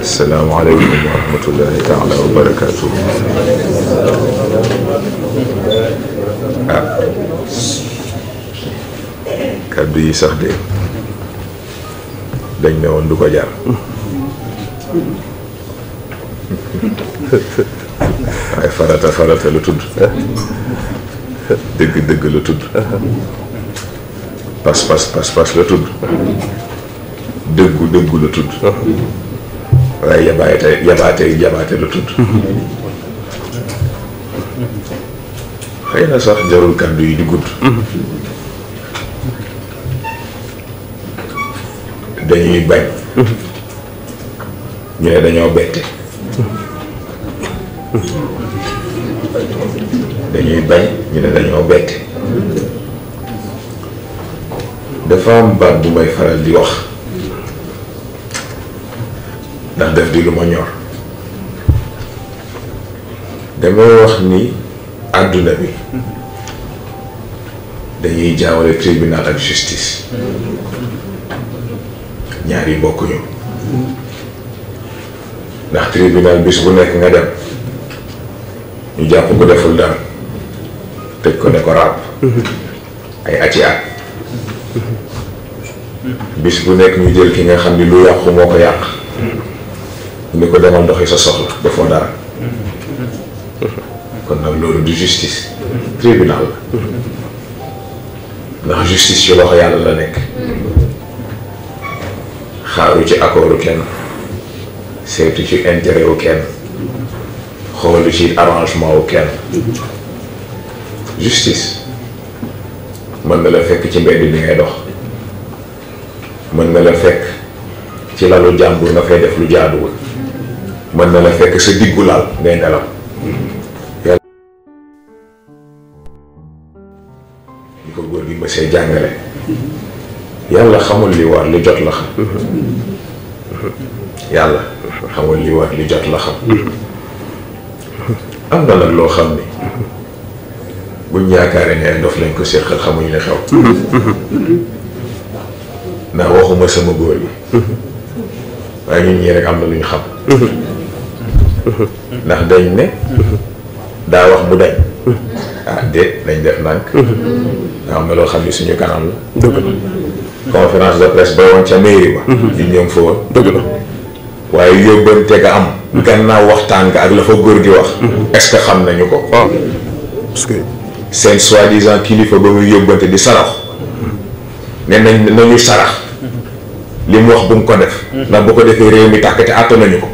asalaamaaleykum wa rahmatullahi taala wa barakaatu. Ah. dañ ne woon du ko farata farata la tudd dëgg la tudd pas pas la tudd dëggu la tudd waaye yabaate yabaate yabaate la tudd xëy na sax jarul kàddu yi di gudd dañuy bañ ñu ne dañoo bette dañuy bañ ñu ne dañoo bette dafa am baat bu may faral di wax ndax def di lu ma ñor dama wax ni aduna bi dañuy jaawale tribunal ak justice ñaari bokkuñu ndax tribunal bis bu nekk nga dem ñu jàpp ko deful dara tëj ko ne ko ay ati at bis bu nekk ñu jël ki nga xam lu yàqu moo ko yàq ni ko demal doxi sa soxla defoo dara mm-hmm. kon nag loolu du justice tribunal la ndax justice ci loxo yàlla la nekk xaaru ci accordu kenn seetu ci intérêt wu kenn xoolu ci arrangement wu kenn justice mën na la fekk ci mbedd bi ngay dox mën na la fekk ci lalu jàmbur nga fay def lu jaaduwul mën na la fekk sa diggu laal ngay nelaw yàlla li ko góor gi ma see jàngale yàlla xamul li war li jot la xam yàlla xamul li war li jot la xam am na nag loo xam ni buñ yaakaaree ne ay ndof lañ ko séqal xamuñu li xew ndax waxuma sama góor gi waaye ñun ñii rek am na lu xam ndax dañ ne daa wax bu dañ ah déet dañ def ndànk daa am na loo xam ne suñu kanam la dëgg la conférence de presse ba woon ca mairie ba ñu mhm. ñëw fa woon waaye yóbbante nga am gannaaw waxtaan nga ak la fa góor gi wax mhm. est que xam nañu ko parce que seen soi-disant kilifa ba muy yóbbante di sarax ne nañ nañu sarax mhm. li mu wax bu mu ko def ndax bu ko defee réew mi tàkk te àtt nañu ko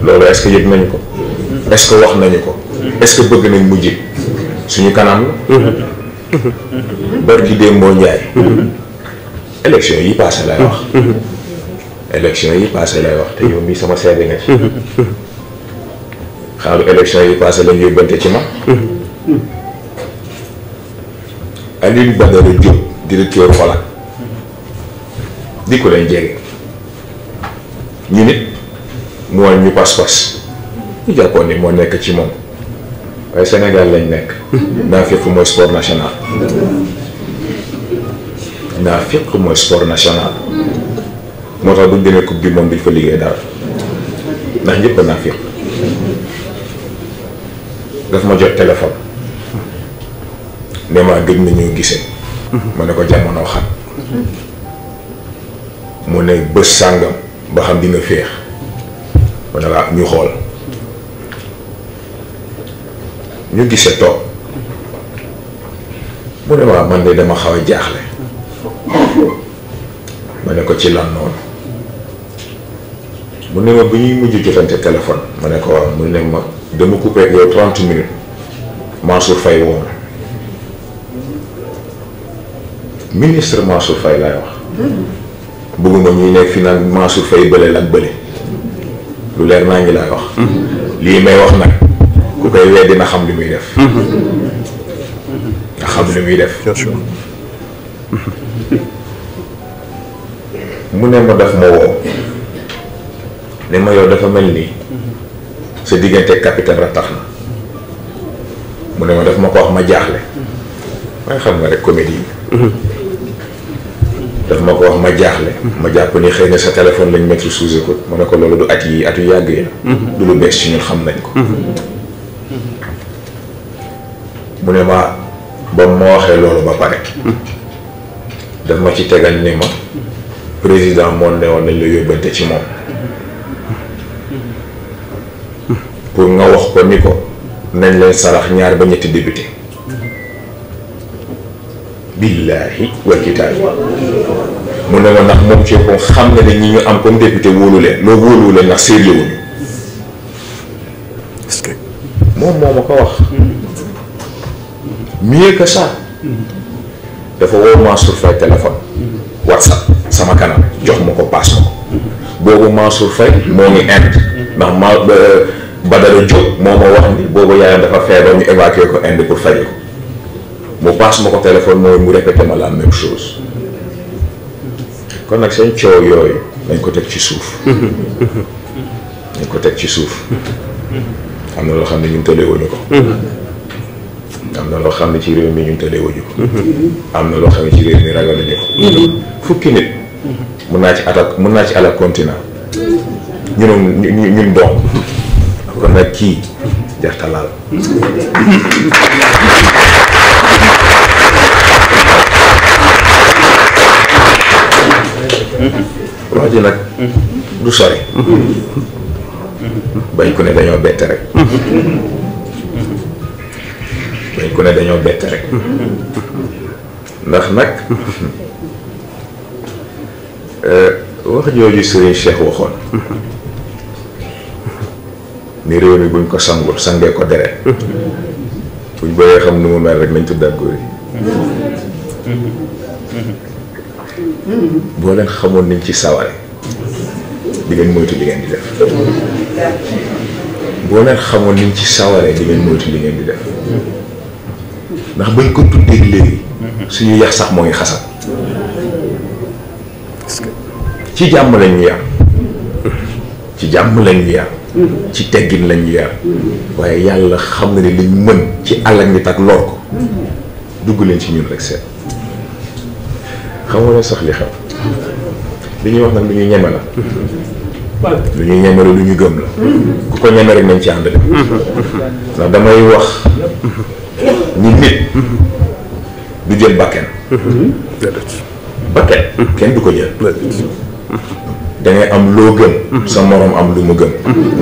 loolu est ce que yëg nañu ko est ce que wax nañu ko est ce que bëgg nañ mu suñu kanam la bari gi moo njaay élection yi passé lay wax élection yi passé lay wax te yow mii sama seede nga ci xaaru élection yi passé lañ yóbbante ci ma Alioune Badara Diop directeur Folac di ko leen jege ñu nit mu ñu pas-pas ñu jàppoon mo nek ci mom waaye Sénégal lañ nek na fiq moy sport national na fiq moy sport national mo ta duñu demee coupe du monde duñ fa liggéey dal ndax ñëpp na fiq daf ma jot téléphone ne ma gëj nañu gisee ma ne ko jamono xat mo ne bëss sangam ba xam di nga ma ne la ñu xool ñu gisee toog mu ne waaw man de dama xaw a jaaxle ma ne ko ci lan noonu mu ne ma bu ñuy mujj jotante téléphone ma ne ko waaw mu ne ma dama coupé ak yow 30 minutes Mansour Faye woo ma ministre Mansour laay wax bëgguma ñuy nekk fi naan Mansour Faye bële la ak bële. lu leer naa ngi laay wax lii may wax nag ku koy wee dina xam li muy def nga xam li muy def mu ne ma def ma woo ne ma yow dafa mel nii sa diggante capitaine ra tax na mu ne ma def ma ko wax ma jaaxle waaye xam nga rek comédie daf ma ko wax ma jaaxle. Mhm. ma jàpp ni xëy na sa téléphone lañ mettre sous écoute ma ne ko loolu du at yi atu yàgg yi la. Mhm. du lu bees ci ñun xam nañ ko. Mhm. mu ne ma ba ma waxee loolu ba pare. daf ma ci tegal ni ma président moo ne woon nañ la yóbbante ci moom. pour nga wax ko ni ko nañ leen sarax ñaar ba ñetti député. billaahi wa kitaabi mu ne ma ndax moom ci ko xam nga ne ñi ñu am comme député wóolu leen loo wóoluwu leen ndax sérieux wuñu parce que moom moo ma ko wax mieux que ça dafa woo Mansour Faye téléphone WhatsApp sama kanam jox ma ko paas ma ko boobu Mansour Faye moo ngi Inde ndax ma Badara Diop moo ma wax ni boobu yaayam dafa feebar ñu évacué ko Inde pour faje ko mu paas ma ko téléphone mooy mu répété ma la même chose kon nag seen coow yooyu dañ ko teg ci suuf dañ ko teg ci suuf am na loo xam ne ñun tëlee wuñu ko am na loo xam ne ci réew mi ñun tëlee ko am na loo xam ne ci réew mi ragal ko mm-hmm. fukki nit mm-hmm. mun naa ci attaque mun naa ci àll continent ñun ñun doom kon nag kii jartalaal mm-hmm. wax ji nag. du sori. Mhm. bañ ko ne dañoo bett rek. Mhm. bañ ko ne dañoo bett rek. Mhm. ndax nag. Euh, wax jooju Serigne Cheikh waxoon. ni réew mi buñ ko sangul sangee ko deret. buñ bëree xam nu mu mel rek nañ tuddaat góor yi. bo len xamone ni ci saware di ngeen moytu di ngeen di def bo len xamone ni ci saware di ngeen moytu di ngeen di def ndax bañ ko tuddee léegi suñu yax sax moy xassat ci jamm lañ ñu yar ci jamm lañ ñu yar ci teggin lañ ñu yar waye yalla xam na ni liñ mën ci lor ko dugg leen ci ñun rek xamuñu sax li xew li ñuy wax nag lu ñuy ñeme la lu ñu lu ñu gëm la ku ko ñeme rek nañ ci ànd de ndax damay wax ñi nit du jël bakken bakken kenn du ko jël dangay am loo gëm sa moroom am lu mu gëm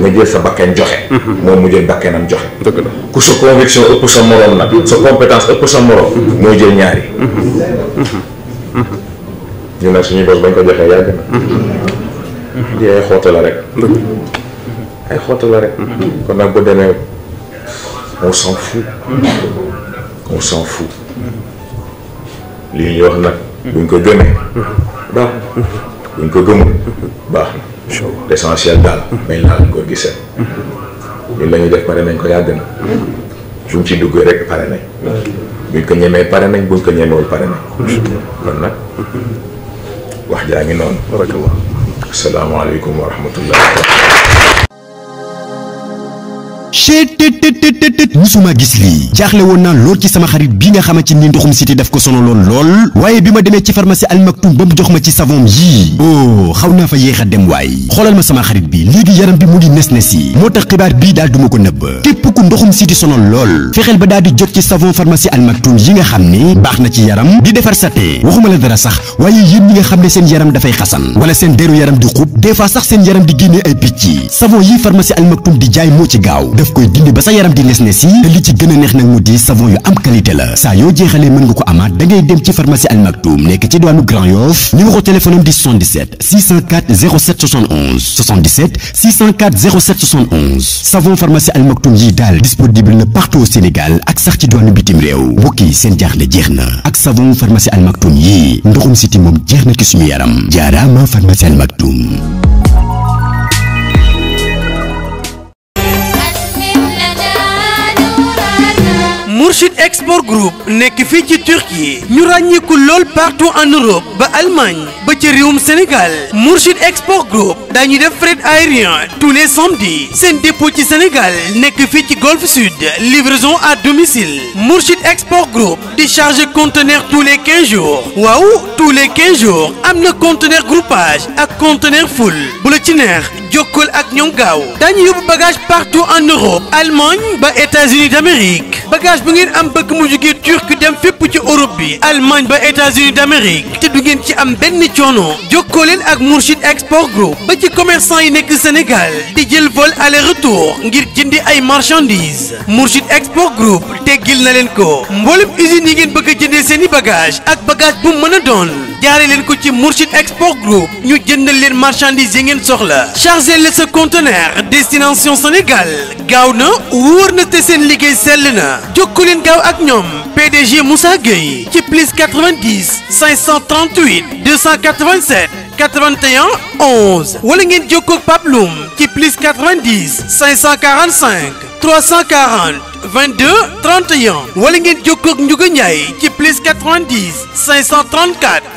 nga jël sa bakken joxe moom mu jël bakkenam joxe ku sa conviction ëpp sa moroom nag sa compétence ëpp sa moroom mooy jël ñaari ñu nag suñu bos bañ ko joxee yàgg na. Mm-hmm. di ay xoote la rek. Mm-hmm. Mm-hmm. ay xoote la rek. kon nag bu demee on s'en fout. on s'en fout. li ñuy wax nag. buñ ko gëmee. baax buñ ko gëmul. baax na. incha allah l'essentiel daal. nañ laal ñu ko gisee. ñun la ñuy def pare nañ ko yàgg na. buñ ci duggee rek pare nañ. buñ ko ñemee pare nañ buñ ko ñemewul pare nañ. kon nag wax jaa ngi noonu. barakallah asalaamaaleykum cht tt musuma gis lii jaaxle woon naa lool ci sama xarit bi nga xamante ni ndoxum siti daf ko sonaloon lool waaye bi ma demee ci pharmacie almaktum ba mu jox ma ci savon yii oh xaw naa fa yéex a dem waaye xoolal ma sama xarit bi léegi yaram bi mu ngi nes nes yi moo tax xibaar bii daal duma ko nëbb képp ku ndoxum siti sonal lool fexeel ba daal di jot ci savon pharmacie almaktum yi nga xam ne baax na ci yaram di defar sa tee waxuma la dara sax waaye yéen ñi nga xam ne seen yaram dafay xasan wala seen deru yaram di xub des sax seen yaram di génnee ay picc savon yi pharmacie almaktum di jaay moo ci gaaw daf koy dindi ba sa yaram di nes nes yi te ci gën a neex nag mu di savon yu am qualité la saa yoo jeexalee mën nga ko amaat da dem ci pharmacie Al Maktoum nekk ci diwaanu Grand Yoff numéro téléphone am di 77 604 07 71 77 604 07 71 savon pharmacie Al Maktoum yi daal disponible na partout au Sénégal ak sax ci diwaanu bitim réew mbokk yi seen jaaxle jeex na ak savon pharmacie Al Maktoum yi ndoxum siti moom jeex na ci suñu yaram jaaraama pharmacie Al Mourchid Export Group nek fi ci Turquie ñu partout en Europe ba Allemagne ba Sénégal Mourchid Export Group dañu def aérien tous les samedis sen dépôt ci Sénégal Nekifiti Golfe Sud livraison à domicile Mourchid Export Group Décharge conteneurs conteneur tous les 15 jours Waouh, tous les 15 jours amène conteneur groupage ak conteneur full Bulletinaire. Djokol et neex bagage partout en Europe Allemagne ba États-Unis d'Amérique bagage bu ngeen am bëgg mu jógee Turquie dem fépp ci Europe bi Allemagne ba États-Unis d'Amérique te du ngeen ci am benn coono jokkoo ak Mourchid Export Group ba ci commerçant yi nekk Sénégal di jël vol aller retour ngir jëndi ay marchandises Mourchid Export Group teggil na leen ko mboolem usines yi ngeen bëgg a jëndee seen i bagage ak bagage bu mën a doon jaare leen ko ci Export Group ñu jëndal les marchandise yi soxla chargé leen ce conteneur destination Sénégal gaaw na wóor na et seen sell na PDG Moussa Gueye Qui plus 90 538 287 81 11 wala ngeen Pabloum, qui Pape plus 90 545 340 22 31 wala ngeen jokkoo qui Ndiouga plus 90 534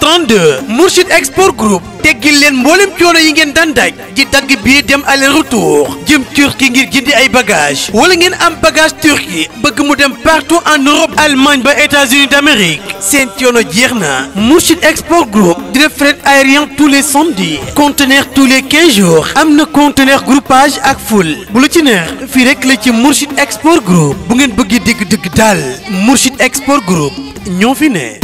32 Mourchid Export Group teggil leen mbooleem coono yi ngeen daan daj di dagg bii dem aller retour jëm Turquie ngir jëndi ay bagage wala ngeen am bagage Turquie bëgg mu dem partout en Europe Allemagne ba États-Unis d'Amérique seen coono jeex na Mourchid Export Group di def fret aérien tous les samedis conteneur tous les 15 jours am na conteneur groupage ak full bu la ci neex fii rek la ci Mourchid Export Group bu ngeen bëgg dégg dëgg daal Mourchid Export Group ñoo fi ne